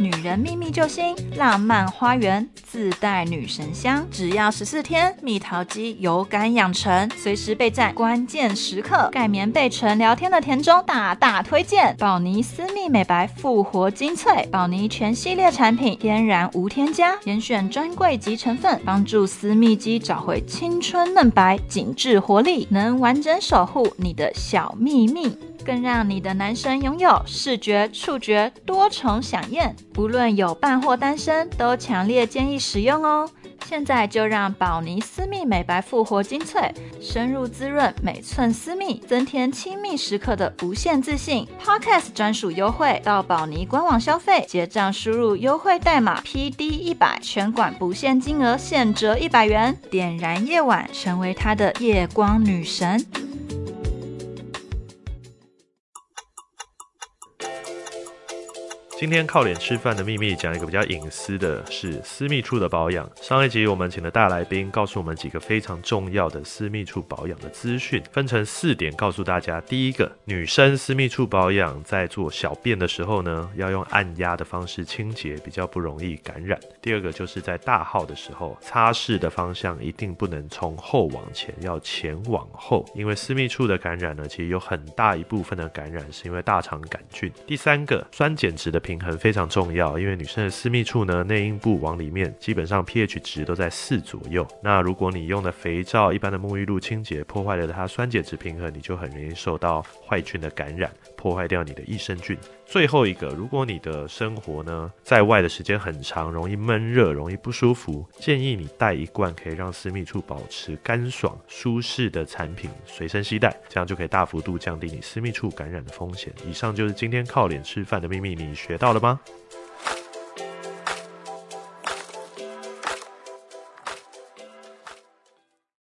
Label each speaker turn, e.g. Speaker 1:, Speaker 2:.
Speaker 1: 女人秘密救星，浪漫花園自帶女神香，只要十四天，蜜桃肌有感養成，隨時備戰關鍵時刻。蓋棉被、純聊天的田中大大推薦寶妮私密美白復活精粹，寶妮全系列產品天然無添加，嚴選專櫃級成分，幫助私密肌找回青春嫩白、緊致活力，能完整守護你的小秘密。更讓你的男神擁有視覺、觸覺多重饗宴，無論有伴或單身，都強烈建議使用哦！現在就讓寶尼私密美白復活精粹深入滋潤每寸私密，增添親密時刻的無限自信。Podcast 專屬優惠，到寶尼官網消費結賬，輸入優惠代碼 PD 一百，全館不限金額，現折一百元，點燃夜晚，成為他的夜光女神。
Speaker 2: 今天靠臉吃飯的秘密，講一個比較隱私的是私密處的保養。上一集我們請了大來賓告訴我們幾個非常重要的私密處保養的資訊，分成四點告訴大家。第一個，女生私密處保養在做小便的時候呢，要用按壓的方式清潔，比較不容易感染。第二個，就是在大號的時候擦拭的方向一定不能從後往前，要前往後，因為私密處的感染呢，其實有很大一部分的感染是因為大腸桿菌。第三個，酸鹼值的平衡非常重要，因為女生的私密處呢，內陰部往裡面，基本上 pH 值都在四左右。那如果你用的肥皂、一般的沐浴露清潔，破壞了它酸鹼值平衡，你就很容易受到壞菌的感染，破壞掉你的益生菌。最後一個，如果你的生活呢，在外的時間很長，容易悶熱，容易不舒服，建議你帶一罐可以讓私密處保持乾爽、舒適的產品隨身攜帶，這樣就可以大幅度降低你私密處感染的風險。以上就是今天靠臉吃飯的秘密，你學。到了嗎？